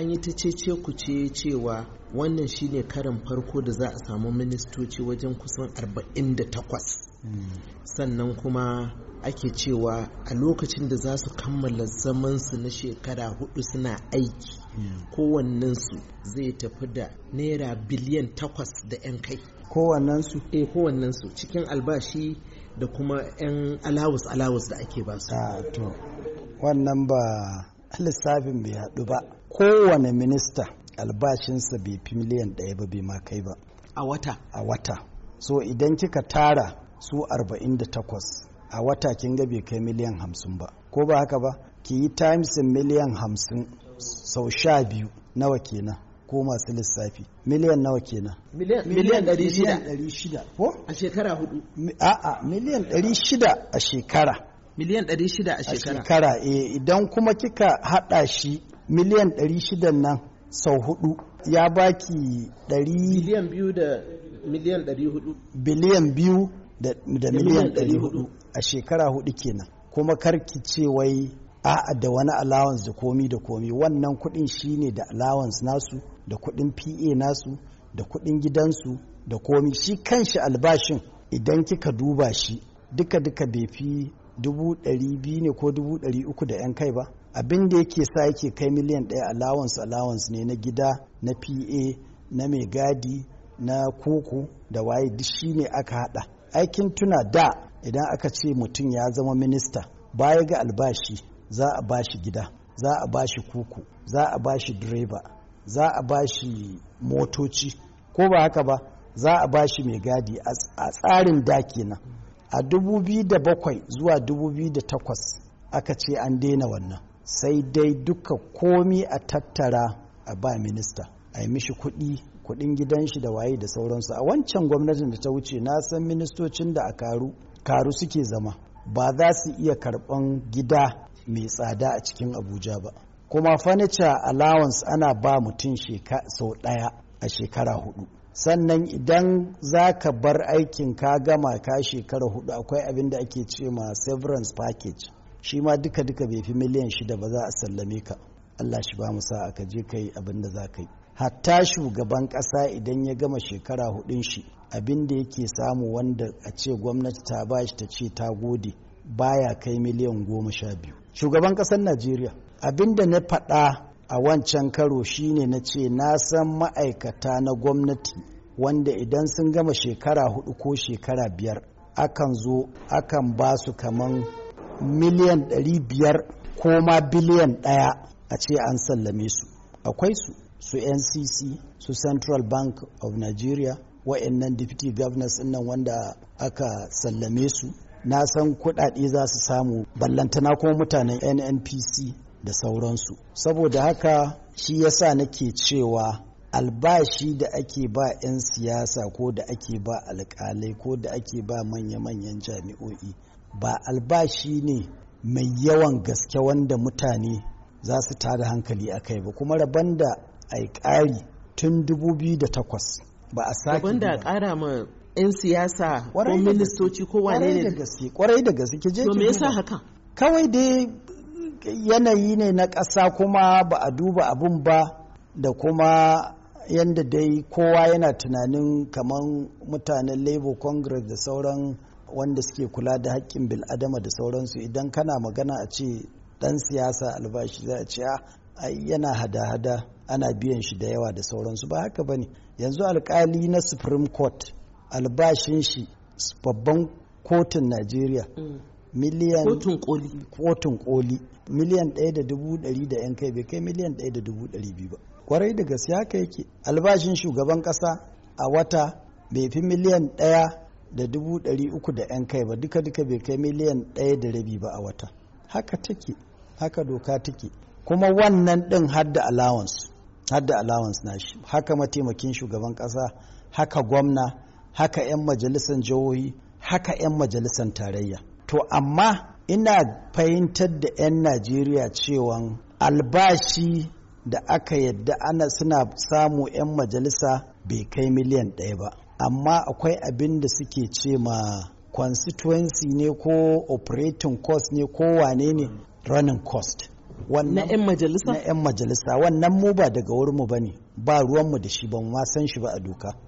an yi ta cece ku ce cewa wannan shine karin farko da za a samu ministoci wajen kusan 48 sannan kuma ake cewa a lokacin da za su kammala zamansu na shekara hudu suna aiki kowannensu zai tafi da naira biliyan takwas da 'yan kai kowannensu eh kowannensu cikin albashi da kuma 'yan alawus alawus da ake ba su ah, wannan ba lissafin bai haɗu ba kowane minista albashinsa bai fi miliyan ɗaya ba bai ma kai ba a wata a wata so idan kika tara su 48 a wata kin ga bai kai miliyan 50 ba ko ba haka ba ki yi times miliyan 50 sau sha biyu nawa kenan ko masu lissafi miliyan nawa kenan miliyan 600 ko a shekara hudu a'a miliyan 600 a shekara miliyan 600 a shekara shekara eh, idan kuma kika hada shi miliyan 600 nan sau hudu ya baki 100 miliyan biyu da miliyan 400 biliyan biyu da miliyan 400 a shekara hudu kenan kuma karki ce wai a'a da wani allowance da komi da komi wannan kudin shine da allowance nasu da kudin pa nasu da kudin gidansu da komi shi kanshi albashin idan kika duba shi duka duka bai fi dubu ɗari biyu ne ko dubu ɗari uku da 'yan kai ba abin da yake sa yake kai miliyan ɗaya allowance allowance ne na gida na pa na mai gadi na koko da waye duk shi ne aka hada. aikin tuna da idan aka ce mutum ya zama minista baya ga albashi za a bashi gida za a bashi kuku za a bashi direba za a bashi motoci ko ba haka ba za a bashi mai gadi a tsarin da kenan a 2007 zuwa 2008 aka ce an daina wannan sai dai duka komi a tattara a ba minista a yi mishi kuɗi kuɗin gidan shi da waye da sauransu a wancan gwamnatin da ta wuce na san ministocin da a karu karu suke zama ba za su iya karɓan gida mai tsada a cikin abuja ba kuma furniture allowance ana ba mutum sau ɗaya a shekara hudu sannan idan za ka bar aikin ka gama ka shekara hudu akwai abin da ake ce ma severance package shi ma duka-duka bai fi miliyan shida ba za a sallame ka allah shi ba mu sa ka je kai abin da za ka yi hatta shugaban ƙasa idan ya gama shekara hudun shi abin da yake samu wanda a ce gwamnati ta ba shi ta ce ta gode baya kai miliyan goma sha biyu shugaban ƙasar najeriya abin da na faɗa a wancan karo shine na ce na san ma'aikata na gwamnati wanda idan sun gama shekara hudu ko shekara biyar akan zo akan ba su kaman miliyan biyar ko ma biliyan ɗaya a ce an sallame su akwai su su ncc su central bank of nigeria wa'annan deputy governors nan wanda aka sallame su na san kudade za su samu ballantana kuma mutanen nnpc da sauransu saboda haka shi yasa nake cewa albashi da ake ba 'yan siyasa ko da ake ba alkalai ko da ake ba manya-manyan jami'o'i ba albashi ne mai yawan gaske wanda mutane za su tada hankali a kai ba kuma rabon da a ƙari tun 2008 ba a sake rabon da a ƙara ma 'yan siyasa ko ministoci ko wane ne da gaske kwarai da gaske ke je to me yasa haka kawai dai yanayi ne na ƙasa kuma ba a duba abun ba da kuma yadda dai kowa yana tunanin kamar mutanen labour congress da sauran wanda suke kula da haƙƙin bil'adama da sauransu idan kana magana a ce ɗan siyasa albashi za a ce ah, yana hada-hada ana biyan shi da yawa da sauransu ba haka ba ne yanzu alkali na supreme court albashin shi babban kotun najeriya mm. miliyan kotun koli kotun koli miliyan ɗaya da dubu ɗari da yan kai bai kai miliyan ɗaya da dubu ɗari biyu ba kwarai da gaske haka yake albashin shugaban ƙasa a wata bai fi miliyan ɗaya da dubu ɗari uku da yan kai ba duka duka bai kai miliyan ɗaya da rabi ba a wata haka take haka doka take kuma wannan ɗin da allowance da allowance na shi haka mataimakin shugaban ƙasa haka gwamna haka 'yan majalisar jihohi haka 'yan majalisar tarayya to amma ina fahimtar da 'yan najeriya cewa albashi da aka yadda ana suna samu 'yan majalisa bai kai miliyan ɗaya ba amma akwai abin da suke ce ma constituency ne ko operating cost ne ko wane ne running cost na 'yan majalisa na 'yan majalisa wannan mu ba daga wurinmu ba ne ba ruwanmu da shi ba, mu san shi ba a doka